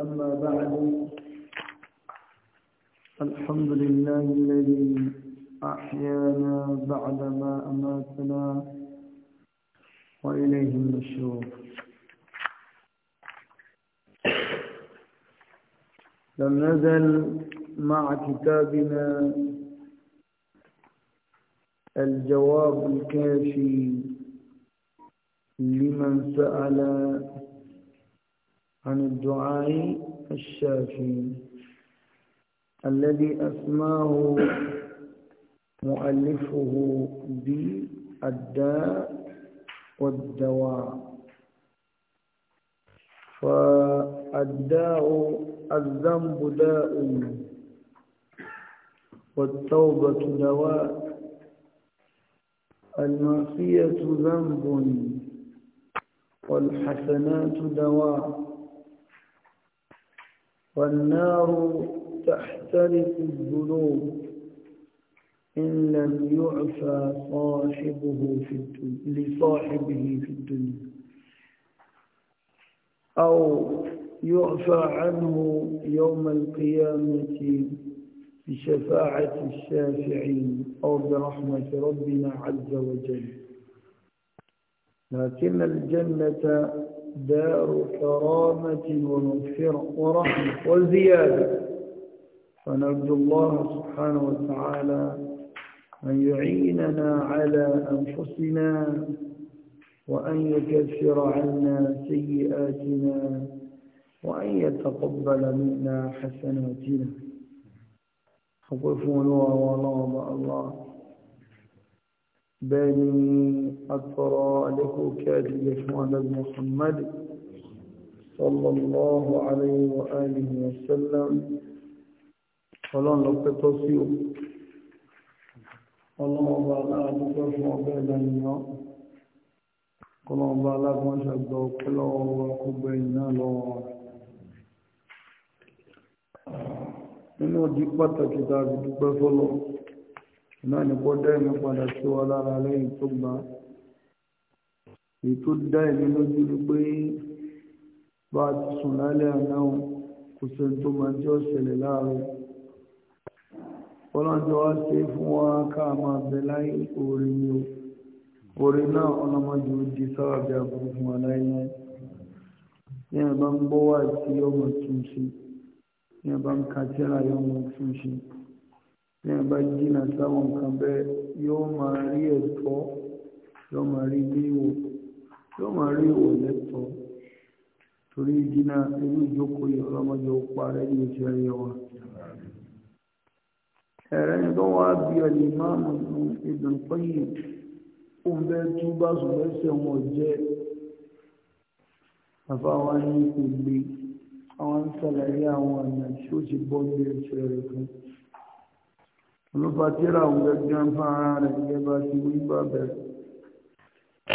أما بعد الحمد لله الذي أحيانا بعدما أماتنا وإليه النشور لم نزل مع كتابنا الجواب الكافي لمن سأل عن الدعاء الشافي الذي أسماه مؤلفه بالداء والدواء فالداء الذنب داء والتوبة دواء المعصية ذنب والحسنات دواء والنار تحترق الذنوب إن لم يعفى صاحبه في لصاحبه في الدنيا أو يعفى عنه يوم القيامة بشفاعة الشافعين أو برحمة ربنا عز وجل لكن الجنة دار كرامة ومغفرة ورحمة وزيادة فنرجو الله سبحانه وتعالى أن يعيننا على أنفسنا وأن يكفر عنا سيئاتنا وأن يتقبل منا حسناتنا خطفوا نوع الله الله بني أطرى عليه كادي محمد محمد صلى الله عليه وآله وسلم ọlọ́run lọ pẹ́ tọ́ sí o ọlọ́run ọba aláàdúgbò fún ọbẹ̀ ìlànìyàn ọlọ́run ọba aláàgbọ́n ṣàgbà ọpẹ́ lọ́wọ́ wa kó gbẹ ìná lọ́wọ́ wa nínú ọdí pàtàkì tá a fi dúpẹ́ fọ́lọ́run náà ní kó dá ẹ̀mí padà sí wa lára lẹ́yìn tó gbà á èyí tó dá ẹ̀mí lójú ni pé bá a ti sùn lálẹ́ àná kò sẹ́ni tó máa jẹ́ ọ̀sẹ̀lẹ̀ láàárọ̀ ọlọ́jọ́ wá ṣe fún wa ká máa bẹ láyé orin ni o orin náà ọlọ́mọdé ó di sábàbí àbúrò fún wa láyé náà ní ẹ̀bá ń gbọ́ wà tí ọmọ tún ṣe ní ẹ̀bá ń ka tíra yọmọ tún tí wọn bá jìnnà sáwọn nǹkan bẹ́ẹ̀ yóò máa rí ẹ̀tọ́ yóò máa rí léèwọ̀ yóò máa rí ìwò lẹ́tọ̀ọ́ torí jìnnà irú ìjókòó yìí ọlọ́mọdé ó parẹ́ ní oṣù ẹ̀yẹ wa. ẹ̀rẹ́ ni tó wá bí ẹni máa mú ìdùn pẹ́yì ó ń bẹ́ tú bá sùn lẹ́sẹ̀ wọn jẹ́ bàbá wa ní ìpele àwọn ń ṣàlàyé àwọn ọ̀nà ó ti bọ́ ní ẹsẹ̀ rẹ̀ fún un. olùfà tíra òun gẹ́gẹ́ ń fa ara rẹ̀ gẹ́gẹ́ bá ti wí bá bẹ̀rẹ̀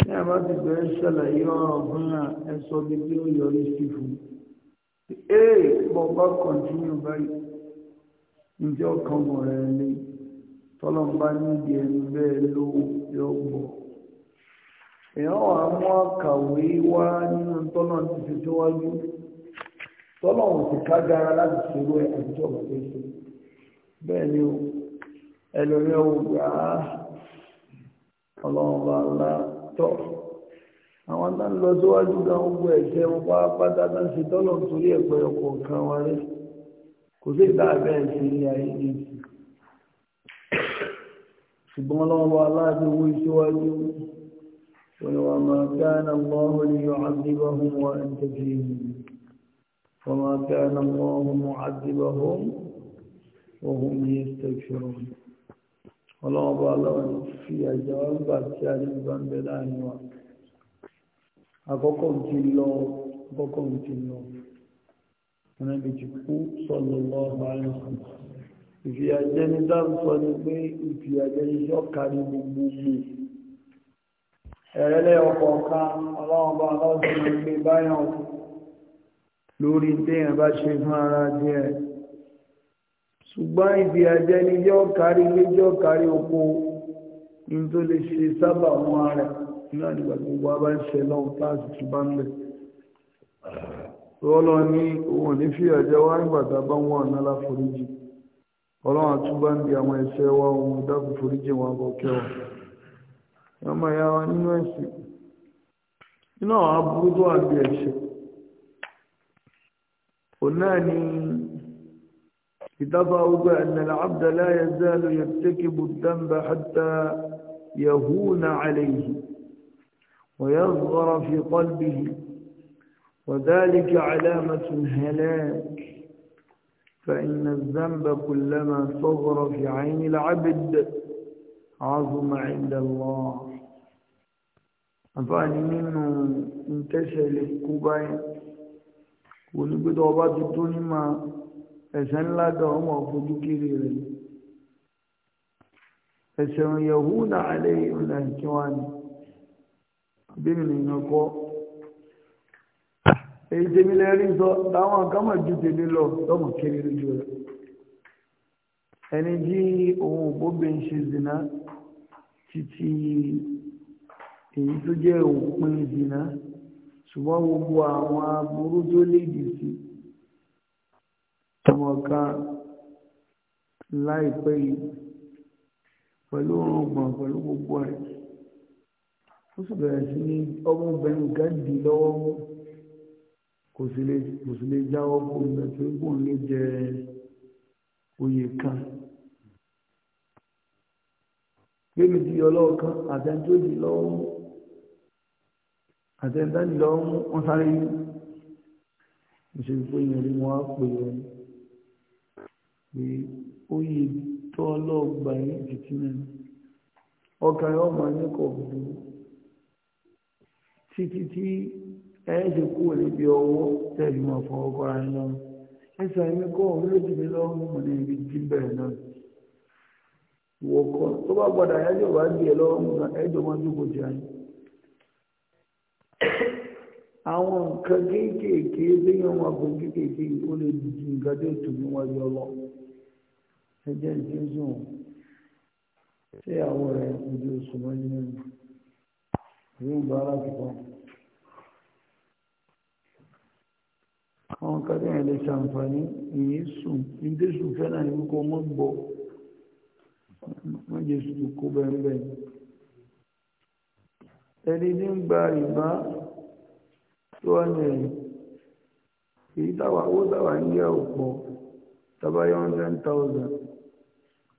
ní àbá ti fẹ́ ṣàlàyé ọ̀rọ̀ fún yà ẹ sọ bí tí ó yọrí sí fún ee bọ́ bá kọ̀ntínú báyìí ǹjẹ́ ọkàn mọ̀ rẹ̀ nídìí ẹni bẹ́ẹ̀ ló yọ èèyàn wà mú àkàwé wá nínú ti fi ká gara láti ṣerú ẹ̀ ẹlòmí ọgbà ọlọ́ọ̀bà ńlá tọ́ àwọn tá ń lọ síwájú gan gbogbo ẹ̀jẹ̀ wọn pátápátá tá ń ṣe tọ́lọ̀ nítorí ẹ̀pẹ́ ọkọ̀ kan wọn rẹ̀ kò sí ìta abẹ́ ẹ̀sìn ilé ayé ní ṣùgbọ́n ọlọ́ọ̀bà aláàbí owó síwájú وما كان الله ليعذبهم وأنت فيهم وما كان الله معذبهم وهم يستغفرون ọlọ́wọ́n bá ọlọ́wọ́n fi ẹ̀jẹ̀ wọn gbà tí a lè gbà ń bẹ láàrin wa àkọ́kọ́ ti lọ àkọ́kọ́ ti lọ ẹnẹ́bí ti kú sọ̀lọ̀ lọ́wọ́ àárín ìfìyàjẹ́ ní dáńsọ ni pé ìfìyàjẹ́ iṣẹ́ ọ̀kárí gbogbogbò ẹ̀rẹ́lẹ̀ ọkọ̀ kan ọlọ́wọ́n bá ọlọ́wọ́n ti gbé báyọ̀ lórí téèyàn bá ṣe fún ara díẹ̀ ṣùgbọ́n ibi àjẹ́ ni yọ́ kárí ilé yọ́ kárí oko ní tó lè ṣe sábà wọn rẹ̀ náà nígbà gbogbo a bá ń ṣe lọ́wọ́ táàsì tó bá ń lẹ̀ lọ́lọ́ ní òun ní fi àjẹ́ wá nígbà tá a bá ń wọ̀ ọ̀nà láforíjì ọlọ́run àtúbá ń di àwọn ẹ̀ṣẹ̀ wa ohun dákú foríjì wọn bọ́ kẹwàá ọmọ ìyá wa nínú ẹ̀sìn nínú àwọn aburú tó wà bí ẹ̀ṣẹ̀ òun náà ni كتابه بأن العبد لا يزال يرتكب الذنب حتى يهون عليه ويصغر في قلبه وذلك علامة الهلاك فإن الذنب كلما صغر في عين العبد عظم عند الله àfáàní منه انتشى للكوباية ونبدو بعض الدنيا ẹ̀ṣẹ̀ ńlá dọ̀ ọmọ òfojú kiri rẹ̀ ẹ̀ṣẹ̀ Yahuda alẹ́ ìrìnà ìkíwá ni bíbélì yẹn kọ́ èyí tèmi lẹ́rí sọ táwọn akámọ̀ ju tèmi lọ lọ́mọ kiri lójú rẹ̀ ẹni jí òun òbóbe ń ṣe zina títí èyí tó jẹ́ òpin zina ṣùgbọ́n gbogbo àwọn aburú tó lè dì sí i ọmọ kan láìpẹ́ yìí pẹ̀lú ọ̀rọ̀gbọ̀n pẹ̀lú gbogbo ẹ̀ ó sì bẹ̀rẹ̀ sí ní ọmọbìnrin kan dì lọ́wọ́ kò sì lè jáwọ́ kó lè tó ń bùn ló jẹ oyè kan gbẹ́mi di ọlọ́ọ̀kan àtẹ́ntójì lọ́wọ́ àtẹ́ntájì lọ́wọ́ wọ́n sáré yìí mo ṣe pé ìyẹn ni wọ́n á pè é pé oyè tó ọlọ́ọ̀gbà yìí jìtì náà ọkàn yóò máa ní kò burú títí tí ẹ ṣe kúrò níbi ọwọ́ tẹ̀lé wọn fún ọkọ ara yín lọ́rùn ẹsẹ̀ kọ́ ọ̀hún ló dìbò lọ́rùn mọ̀ ní tí bẹ̀rẹ̀ náà ìwọ kọ́ tó bá gbọ́dọ̀ ẹjọ́ bá ẹ àwọn nǹkan kéékèèké kéékèèké ó lè nǹkan tó níwájú ẹjẹ́ ìjẹ́sùn tí àwọ̀ rẹ̀ ojú oṣù mọ́jú mẹ́rin yóò bá láti kọ́ àwọn kàdé yẹn lè ṣàǹfààní ìyí sùn ìdésùn fẹ́ náà ní kó mọ́ gbọ́ wọ́n jẹ́ sùn kó bẹ́ẹ̀ ẹni ní ń gba ìbá tó wà ní ẹ̀yìn èyí táwa owó táwa ń yẹ òpó tàbá yọ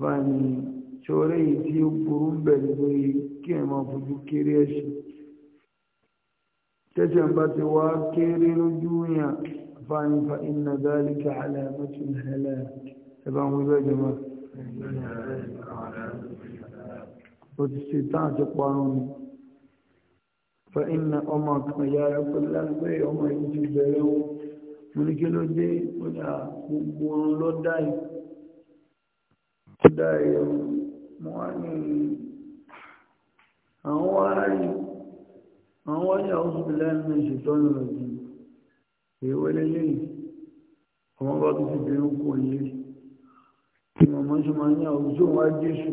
bá ní ṣọ́rẹ́ yìí tí ó burú ń bẹ̀ nígbó kí ẹ̀ máa fojú kéré ẹ̀ṣẹ̀ tẹ́ṣẹ̀ bá ti wá kéré lójú yàn bá ní fa iná dálíkà aláàmọ́tún hẹ́lẹ̀ ẹ̀bá wọn bẹ́ẹ̀ jẹ́ máa ó ti ṣe àti parun ni fa iná ọmọ ọ̀dáyẹ̀ wọ́n ní àwọn aráyí àwọn wáyà òṣùpìlẹ́nu ìṣètọ́nù rẹ̀ èwẹ́lẹ́ lẹ́yìn ọmọ bá tó ti bẹ̀rẹ̀ ń kó ilé tí wọ́n mọ́ ṣe máa ní àwùjọ wá jésù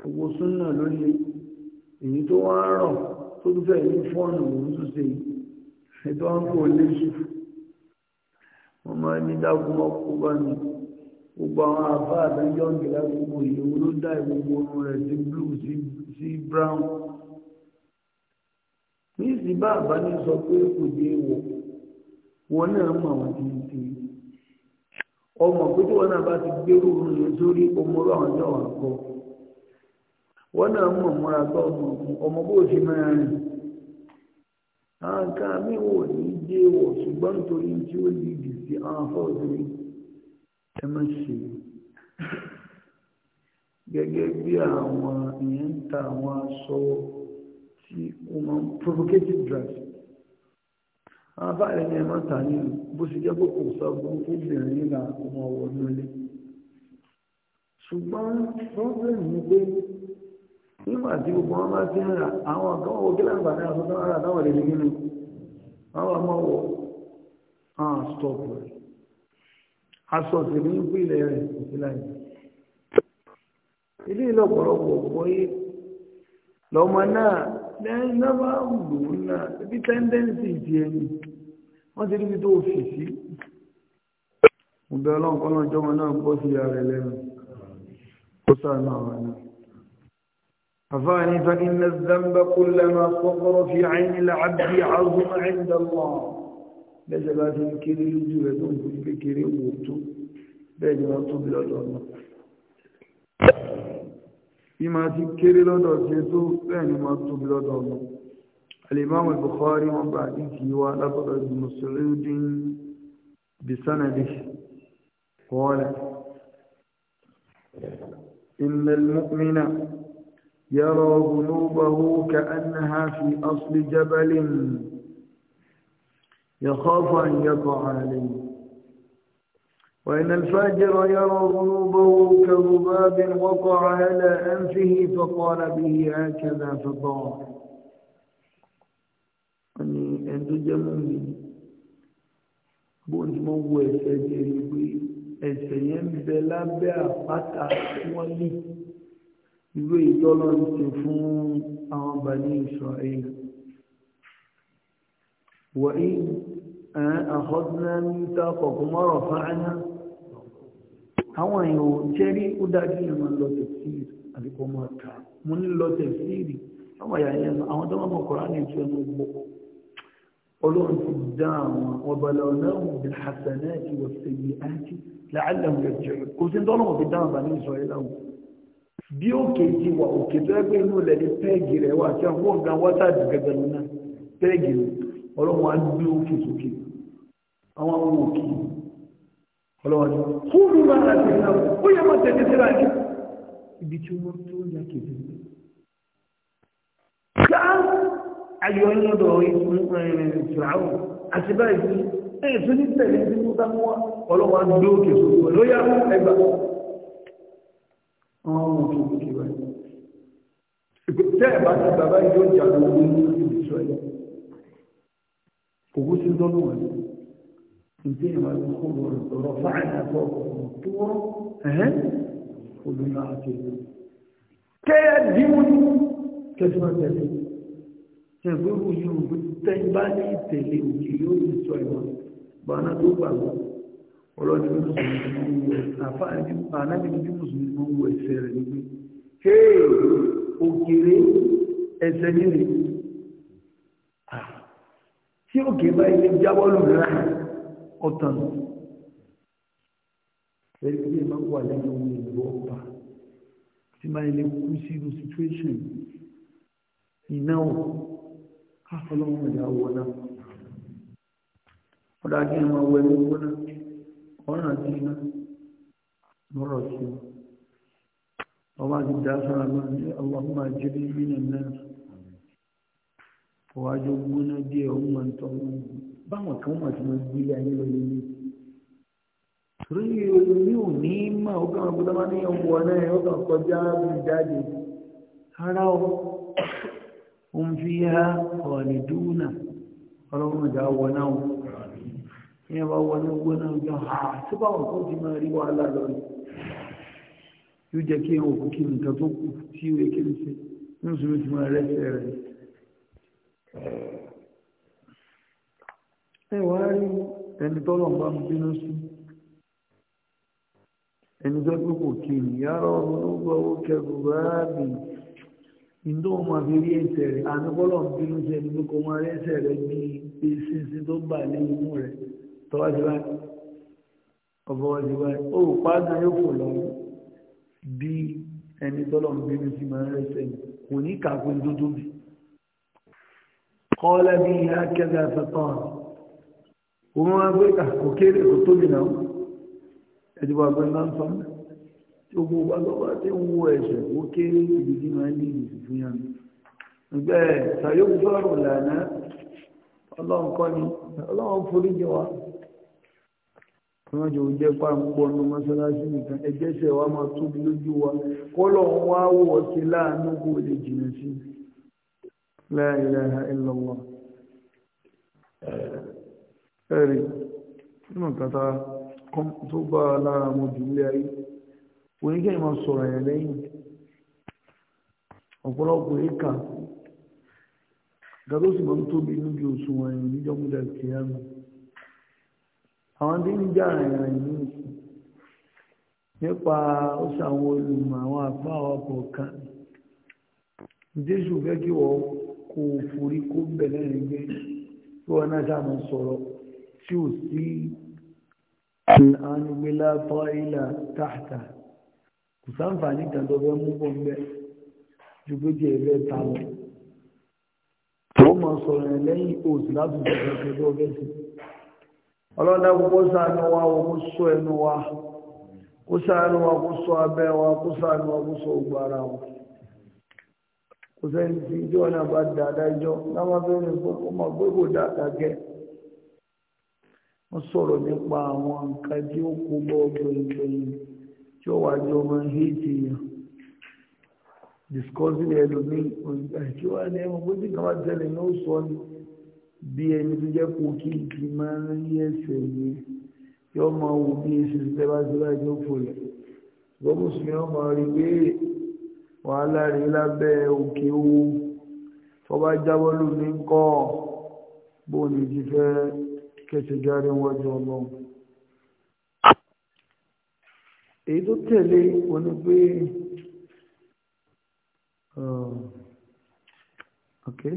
gbogbo súnà lóye èyí tó wá ń rọ̀ tó tún fẹ́ ní fọ́ọ̀nù òun tún ṣe ètò à ń kó ilé wọ́n máa ní dágúnmọ́ kó bá mi gbogbo àwọn àfá àdájọ́ ìgbìlá gbogbo ìyẹ̀wò ló dá ìgbogbo orun rẹ̀ sí blue sí brown ní ìsìnbá àbáni sọ pé kò dé wọ̀ wọn náà mọ̀ àwọn tí ń ti ọmọ pé tí wọn náà bá ti gbérù orun yẹn sórí ọmọrú àwọn tí mi ní dé wọ̀ ṣùgbọ́n nítorí tí ó ẹ má ṣe gẹ́gẹ́ bí àwọn èèyàn ń ta àwọn aṣọ tí wọ́n máa ń provocative dress àwọn abáyẹ̀ ni ẹ má ta nínú bó ṣe jẹ́ pé kò sọ fún obìnrin nígbà ọmọ ọwọ́ nílé ṣùgbọ́n problem ni pé nígbà tí gbogbo wọn bá ti ń ra àwọn kan wọ gíláǹgbà ní àtúntò ara àtàwọn èdè nínú àwọn ọmọ wọ àwọn stop rẹ̀ aṣọ òṣèlú ń pè ilẹ̀ rẹ̀ ìpínlẹ̀ yìí ilé ìlọ́pọ̀lọpọ̀ gbọ́yé lọ́mọ náà lẹ́yìn bá ń lò ibi tẹ́ndẹ́ǹsì ti ẹni wọ́n ti ríbi tó fi sí mo bẹ ọlọ́run náà jọ́mọ náà gbọ́ sí ara rẹ̀ lẹ́nu ó sàánú àwọn náà àfáàní fa iná zamba kullama kọ́kọ́rọ́ fi àyìn ilẹ̀ abdi azuma bẹ́sẹ̀ bá ti ń kéré lójú rẹ̀ tó ń fojú kékeré wò tó bẹ́ẹ̀ ni wọ́n tóbi lọ́dọ̀ ọ̀nà bí máa ti kéré lọ́dọ̀ ṣe tó bẹ́ẹ̀ ni wọ́n tóbi lọ́dọ̀ ọ̀nà alimami Bukhari wọn bá àdìsí wa látọ̀dọ̀ ju إن المؤمن يرى ذنوبه كأنها في أصل جبل يخاف أن يقع عليه وإن الفاجر يرى ظنوبه كذباب وقع على أنفه فقال به هكذا فطار أني عند جمعي بونت موه سجري بي أسيام بلا بأفتا ولي ìwé ìtọ́lọ́ ń ṣe fún àwọn bàní ìṣọ̀ ẹ̀yìn wọ̀nyí àkọ́dúnlá ní tàkọ̀kọ́ mọ́rọ̀ fáánà àwọn èèyàn jẹ́rí ó dájú ìrìnà lọ tẹ̀síìrì àbíkọ mọ́ ta mo ní lọ tẹ̀síìrì àwọn àyà yẹn àwọn tó mọ́ kọ̀rọ̀ ní ìtú ẹnu gbọ́ ọlọ́run ti dá àwọn ọbàlá ọlọ́run bí hasanẹ́ àti wọ̀sẹ̀yẹ àti làálàmù ọlọ́wọ́ á gbé òkè sókè àwọn àwọn òkè ọlọ́wọ́ ni fúnmi máa rà sí ìlànà ó yẹ máa tẹ̀lé síra ní ibi tí wọ́n tó yà kéde ká ayọ̀ ẹ̀yìn ọ̀dọ̀ ìfìràwọ̀ àti báyìí ẹ̀yìn tó ní tẹ̀lé sí mú bá wá ọlọ́wọ́ á gbé òkè sókè lóyà ẹgbà àwọn òkè òkè wáyé tẹ́ ẹ̀ bá ti bàbá yóò jà lóògùn كبوس الظلوم انتهي ما يقول رفعنا فوقهم الطور أهل كل ما أتينا كيدمني كثرة تسليم ẹ̀gbẹ́rù yóò bí tẹ́gbá ní ìtẹ̀lé òkè yóò ní sọ ìwọ̀n bọ́nà tó gbàgbọ́ ọlọ́dún mùsùlùmí mọ́ wọ ẹ̀sẹ̀ rẹ̀ nígbé kéèrè òkèrè ẹ̀sẹ̀ nílé tí òkè bá ilé jábọ́ lùrà ọ̀tàn pẹ̀lú bí ẹ máa wà lẹ́nu ohun ìlú ọ̀pá tí máa ilé kú sínú situation iná ò káfọlọ́wọ́n ìyá wọná ọ̀dà kí ẹ máa wẹ̀lú wọná ọ̀ràn àti iná lọ́rọ̀ sí ọba ti dá sára lọ́nà ní Allahumma ajirni minan nar fọwájú gbóná díẹ̀ ó máa ń tọ́ wọn báwọn kan wà tí wọ́n gbélé ayé lọ lélẹ̀ torí mi ò ní mọ̀ ó kàn gbọ́dọ̀ máa ní ọmọ wọn náà ó kàn kọjá bí jáde rárá o ó ń fi há ọ̀ọ̀nì dúnà ọlọ́run ìjà wọ náà o ní ẹ bá wọ ní owó náà jọ ha tí báwọn kan ti máa rí wàhálà lọ rí yóò jẹ́ kí ẹ òkú kí nǹkan tó kù tí ó yẹ kí n ṣe ní oṣù mi ti máa rẹ́sẹ̀ rẹ̀ ẹ wá rí ẹni tọ́lọ̀ bá ń bínú sí ẹni tó pé kò kí ni yàrá ọmọ ló gbọ́ owó kẹrù ráàbì ìdó ọmọ fi rí ẹsẹ̀ rẹ̀ àníkọ́lọ̀ ń bínú sí ẹni tó máa rí ẹsẹ̀ rẹ̀ bí pé sínsín tó bà ní inú rẹ̀ tọ́wọ́ sí báyìí ọ̀bọ̀ wọ́n sí báyìí ó pa á náà yóò fò lọ́wọ́ bí ẹni tọ́lọ̀ ń bínú sí máa rẹ̀ sẹ́yìn kò ní kàkó dúdú bíi kọ́lá bí i hákẹ́dà fẹ́tọ́n òun wá gbé kò kéré kò tóbi náà ẹ̀dùn wà gbé náà sọ tí gbogbo bá lọ́wọ́ tí ń wo ẹ̀ṣẹ̀ kò kéré ìdíjí máa ń dìbò fún yàn ẹgbẹ́ sàyóò gbọ́rọ̀ lànà ọlọ́run kọ́ ni ọlọ́run forí jẹ wa ọlọ́jọ́ jẹ́ pàǹpọ̀ ọ̀nà mọ́sálásí nìkan ẹgbẹ́sẹ̀ wa máa tóbi lójú wa kọ́lọ̀ wá wọ̀ sí láàánú kó lè jìnnà sí i. la ilaha illallah ẹ̀rí nínú tata tó bá lára mọ́ jù ilé ayé oníkẹ́ ìmọ̀ sọ̀rọ̀ ẹ̀ lẹ́yìn ọ̀pọ̀lọpọ̀ ìkà gàdó sì máa ń tóbi níbi òṣùwọ̀n ẹ̀yìn níjọ́múdà kìíyàmù àwọn tí ń jà ẹ̀yìn ní ìsìn nípa ó ṣàwọn olu ma kó o forí kó bẹ̀rẹ̀ rẹ̀ gbé tí wọ́n náà sáà máa sọ̀rọ̀ tí ò sí àánúgbélá tọ́ìlà táàtà kò sáǹfààní kan tó fẹ́ mú bọ̀ ń bẹ́ ju pé jẹ́ ẹ̀fẹ́ ta lọ. wọ́n máa sọ̀rọ̀ rẹ̀ lẹ́yìn oṣù láti sọ̀rọ̀ ẹ̀fẹ́ tó sí. ọlọ́dà púpọ̀ ṣàánú wa kó sọ ẹnu wa kó sọ abẹ́ wa kó ṣàánú wa kó sọ ògbó ara wa kò sẹ́ni tí ìjọ náà bá da adájọ́ láwọn abẹ́rẹ́ pé ó máa gbé kò dáadáa gẹ́ wọ́n sọ̀rọ̀ nípa àwọn nǹkan tí ó kó bọ́ gbẹ̀yìngbẹ̀yìn tí ó wà jọ ọmọ hẹ́ẹ̀tì yẹn discussing ẹlòmíì àti wà ní ẹ̀wọ̀n pé bí kan bá tẹ̀lé ní ó sọ ni bí ẹni tó jẹ́ kó kí n ti máa ń rí ẹsẹ̀ yẹn yọ máa wò bí èsì tẹ́lá tẹ́lá ìjọ fòlẹ̀ ṣùgbọ́n mùsùlùmí wọn rí bẹ́ẹ̀ wàhálà rí lábẹ́ òkè owó tọ́ba jábọ́ lómi ń kọ́ bó ní ti fẹ́ kẹsẹ̀ járe wájú ọlọ́run èyí tó tẹ̀lé oní pé uh, okay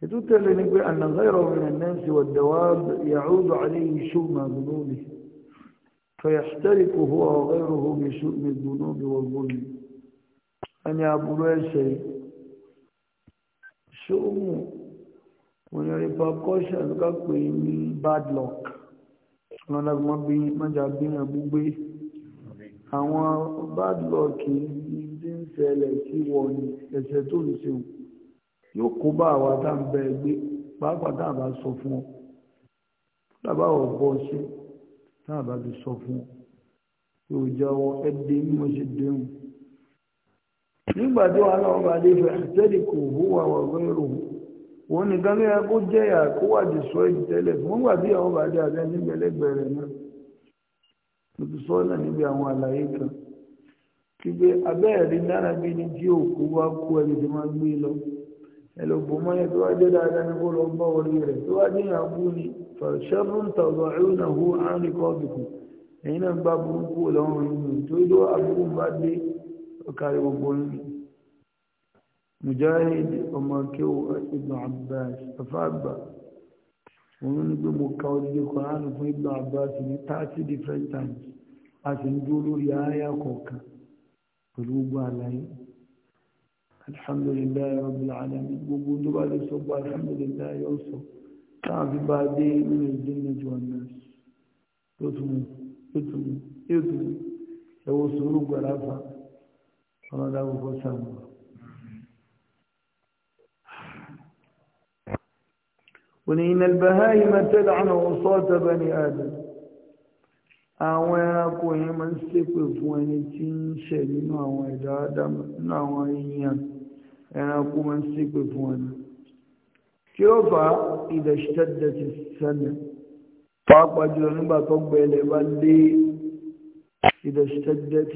èyí tó tẹ̀lé ni pé ànàgáyọ̀rọ̀ ìrìnàmẹ́sì wàdàwà yàhúdù àléyìn ṣùgbọ́n àgbọ̀nọ́bì فيحترق هو وغيره بشؤم الذنوب والظلم wọ́n ní aburú ẹ̀ṣẹ̀ ṣóhùn òyìn repercussion ká pè ní bad luck lọ́nà gbọ́n bí mọ́jà bíyàn gbígbé àwọn bad luck ní tí ń ṣẹlẹ̀ sí wọ́n ní ẹ̀ṣẹ̀ tó ń ṣe yóò kó bá àwa tá ń bẹ gbé pàápàá tá àbá sọ fún ọ tábà ọ̀bọ ṣe tá àbá ti sọ fún ọ yóò jẹ́wọ́ ẹ̀dẹ́ bí mo ṣe dẹ́hùn nígbà tó ọba náà bá dé fẹ́ àtẹ́lì kò hùwà wà gbẹ́rù wọn nìkan ló yẹ kó jẹ́ yà kó wà dé sọ èyí tẹ́lẹ̀ wọ́n gbà bí àwọn bá dé abẹ́ nígbẹ̀lẹ́gbẹ̀rẹ̀ náà mo ti sọ náà níbi àwọn àlàyé kan dára ní tí òkú kú ẹni tí gbé lọ ẹlòpọ̀ tó wá jẹ́ dáadáa ní kó lọ bá rẹ̀ tó wá ni fàṣẹ́rùn tàbí ọ̀nà hó àárín kọ́ọ̀dùkù náà bá burúkú mujahid ọmọ kéwò ibn abbas afa àgbà òun ní pé mo ka odidi kọ́ránù fún ibn abbas ní thirty different times a sì ń dúró lórí àyà kọ̀ọ̀kan pẹ̀lú gbogbo àlàyé alhamdulilayi rabbil alamin gbogbo tó bá lè sọ bá alhamdulilayi yóò sọ táwọn fi bá dé nínú ìdílé ju ọ̀nà yóò tún yóò tún yóò tún ẹwọ sùúrù gbàrà ọlọ́dà gbogbo sàmùlò. ونين البهائم تلعن وصات بني آدم أواك ويمن سكف ونتين شرين وعيد آدم نوعيا أواك ومن سكف ون كيف إذا اشتدت السنة فاق وجلن بطب لبلي إذا اشتدت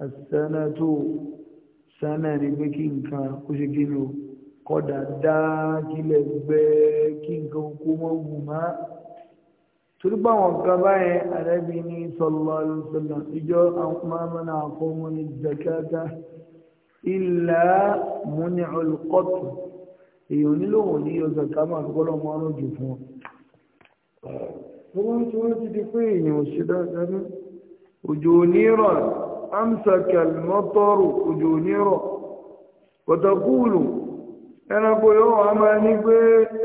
السنة سنة بكينك وشكينه kọ́dà dáa kílẹ̀ gbẹ kí nǹkan kó mọ́ wù má torí pé àwọn nǹkan báyẹn àrẹ́bí ní sallallahu alaihi wasallam ìjọ àwọn máa mọ́nà àkọ́mọ́ ní zakata illa muni'ul qatl èèyàn nílò wọ̀n ní yọ zakama àkọ́kọ́lọ́ mọ́ ọ́nà jù fún wọn. wọ́n ti wọ́n ti di pé èèyàn ṣe dáadáa náà òjò onírọ̀ amsaka al òjò onírọ̀ kọ̀tàkùlù ẹranko yóò wọ́n máa ní pé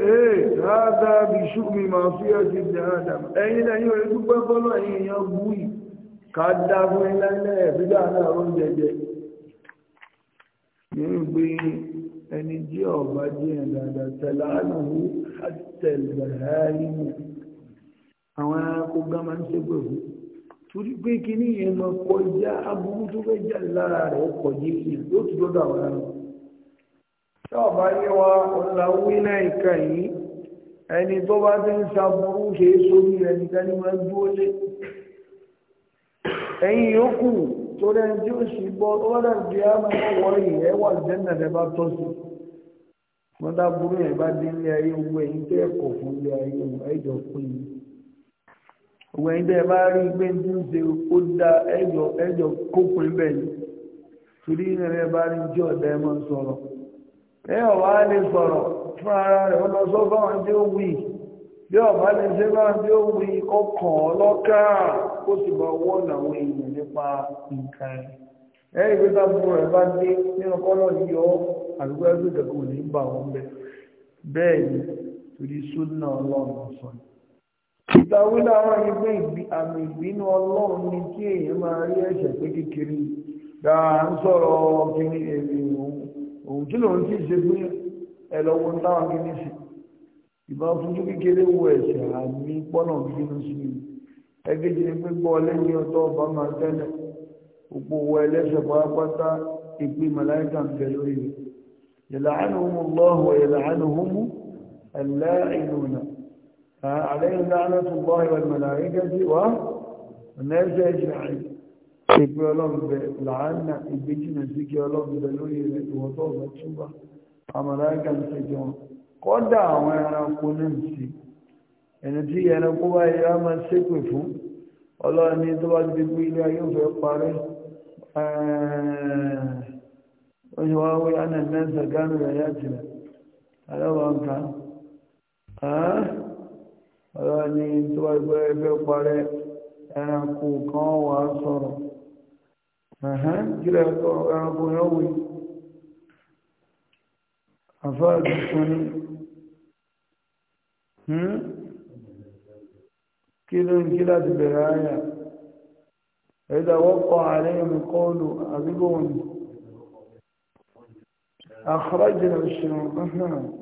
ee ráádá bí ṣúmi ma fi ẹ̀sì jẹ́ adam ẹ̀yìn lẹ́yìn orí dúpẹ́ fọ́lọ́ ẹ̀yìn èèyàn búì ká dá fún ilẹ̀ ẹ̀bídà náà oúnjẹ jẹ ní gbé ẹni jí ọba díẹ̀ dada tẹ̀lá àlùhù àtẹ̀lẹ̀hálìmù àwọn ẹranko gan máa ń ṣépè fún torí pé kí ìyẹn kọjá aburú tó fẹ́ jà lára rẹ̀ yóò tí ọba yé wa ọ̀làwí náà ìka yìí ẹni tó bá ti ń saburú ṣeé sórí rẹ̀ nìkan ni máa ń dúró lé ẹ̀yin yòókù torí ẹni tí ó sì bọ́ ó wọ́n dàbí bí àmọ́ ìwọ yìí ẹ wà jẹ́nà rẹ bá tọ́ sí wọ́n dábúrú yẹn bá dé ilé ayé owó ẹ̀yin tẹ́ ẹ̀kọ́ fún ilé ayé owó ẹ̀jọ̀ pín in owó ẹ̀yin tẹ́ ẹ bá rí i pé ń tún ṣe ó dá ẹ̀jọ̀ kópin bẹ́ẹ̀ torí ìrìn bá rí i jẹ́ ọ̀dà ẹ̀ máa ń sọ̀rọ̀. ẹ ọ̀wá lè sọ̀rọ̀ fún ara rẹ̀ ó lọ sọ báwọn tí ó bí ọ̀bá lè ṣe báwọn tí ó wì ọlọ́kà ó sì bá owó ọ̀nà èèyàn nípa nǹkan ẹ̀ ẹ̀ ìgbé tábùkù rẹ̀ bá dé nínú àdúgbò ẹgbẹ́ ìdẹ̀kọ̀ ò ní bà wọ́n ni torí ọlọ́run sọ ni wọn ni pé àmì ìbínú ọlọ́run ni òun kí lòun ti ṣe pé ẹ lọ́wọ́ táwọn kìíní sí ìbá fojú kékeré wo ẹ̀sẹ̀ àmì pọ́nà bínú sí i ẹgbẹ́jì ni pé gbọ́ lẹ́yìn ọ̀tọ̀ ọba máa tẹ́lẹ̀ òpó wọ ẹlẹ́sẹ̀ pátápátá ìpè màláìkà ń bẹ lórí rẹ̀ yal'anuhumullahu wa yal'anuhum al-la'inuna alayhim la'natullah wal mala'ikati wa an-nas ajma'in ìgbé ọlọ́gbẹ̀ làánà ìgbéjìnà sí kí ọlọ́gbẹ̀ lórí rẹ̀ ìwọ̀tọ̀ ọ̀gbẹ̀ túbà àmàlàágà ń ṣe jọun kọ́dà àwọn ẹranko náà sí ẹni tí ẹranko bá yẹra máa ṣépè fún ọlọ́run ní tó bá ti gbé ilé ayé òfẹ́ parẹ́ ó ṣe wá wí ánà náà ṣàgánù rẹ̀ láti rẹ̀ alábàǹkà ọlọ́run ní tó bá ti gbé ẹgbẹ́ parẹ́ ẹranko kan wà sọ̀rọ̀ كلهم كلا تبرايا إذا وقع عليهم يقولوا أبقون أخرجنا بالشيطان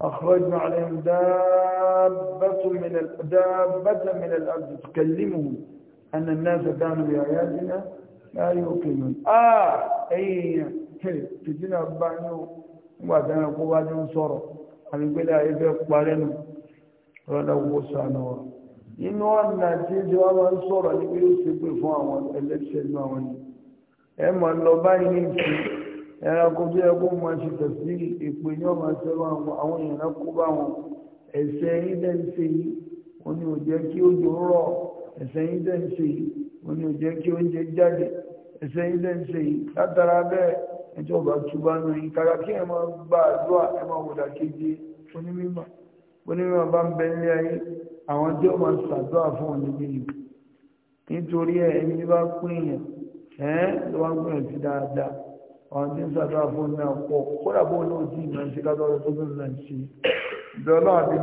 أخرجنا عليهم دابة من دابة من الأرض تكلمهم أن الناس كانوا بآياتنا láyé òkè mọ̀ áà ẹ̀yìn èèyàn tìjìnà bá ní o nígbà tí wọn kó wájú ń sọ̀rọ̀ àgbégbélé ayé fẹ́ parẹ́ nù rọ́lá owó sànà wa inú ọ̀nà tí ń ṣe wá máa ń sọ̀rọ̀ ní pé ó ṣe pé fún àwọn ẹlẹ́ṣẹ̀ náà wọn jẹ́ ẹ̀ṣẹ̀ yìí dẹ̀ ń ṣe yìí wọ́n ní ó jẹ́ kí oúnjẹ jáde ẹ̀ṣẹ̀ yìí dẹ̀ ń ṣe yìí látara bẹ́ẹ̀ ẹjọ́ ọba túbá nù yín kára kí ẹ máa gba àdúrà ẹ máa wòdà kejì onímọ̀ onímọ̀ bá ń bẹ nílé ayé àwọn tí ó máa ṣàdúrà fún onílé yìí nítorí ẹ ẹni tí bá pín yẹn ẹ ló wá pín yẹn sí dáadáa àwọn tí ń ṣàdúrà fún kódà bó ló ti ìmọ̀ ṣe ká lọ́rọ̀ tó lóun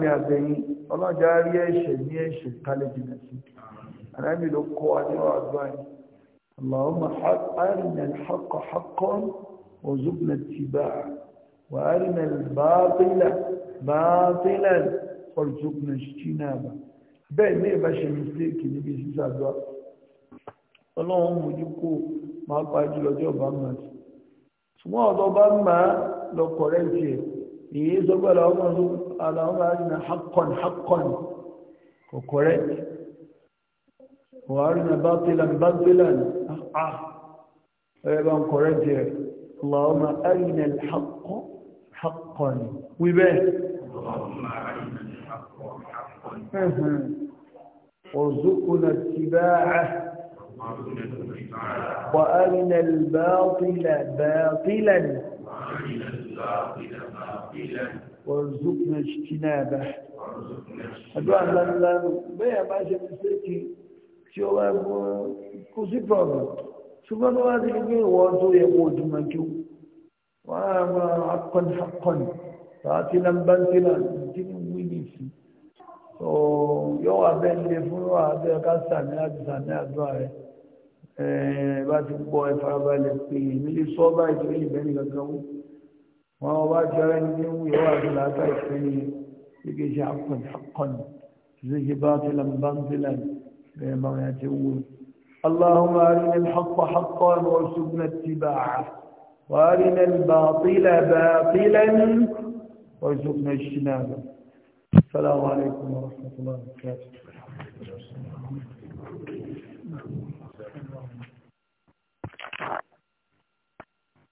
àtẹ̀yìn ọlọ́jà rí àrẹ́mì ló kọ́ adéwà àgbáyé Allahumma arina al-haqqa haqqan warzuqna ittiba'ah wa arina al-batila batilan warzuqna ijtinabah bẹ́ẹ̀ ní ìbáṣe mistake níbi sísàdọ́ ọlọ́run mojú kó máa pa jùlọ tí ọba máa ti ṣùgbọ́n ọ̀dọ́ bá máa lọ kọ̀rẹ́ǹtì ẹ̀ èyí sọ́gbọ́n làwọn máa ń sọ àlàó máa ń na haqqan وارنا باطلا باطلا اه ايبان أيوة، كورنتي اللهم ارنا الحق حقا وبه اللهم ارنا الحق حقا وارزقنا اتباعه وارنا الباطل باطلا وارزقنا اجتنابه وارزقنا اجتنابه لا لا tí ó bá gbọ́ kó sí pọ̀bù ṣùgbọ́n tó bá ti rí pé ìwọ tó yẹ kó dùnmọ̀ kí wọ́n á máa akọni akọni tààtí lámbáńtìlà tí ń wí ní ìsìn so yóò wà bẹ́ẹ̀ nílé fún wa bẹ́ẹ̀ ká sàmì àti sàmì àdúrà rẹ̀ ẹ̀ẹ́ bá ti gbọ́ ẹ farabalẹ̀ pé èmi lè sọ bá ìtòrí ìbẹ́ ní kankan wú wọn ọba jọ ara ẹni tí ń wú yóò wà sí làákà ìfẹ́ ni kí kì í ṣe akọni akọni kì í ṣe bá ti lámbáńtìlà تقول اللهم أرنا الحق حقا وارزقنا اتباعه وأرنا الباطل باطلا وارزقنا اجتنابه السلام عليكم ورحمة الله وبركاته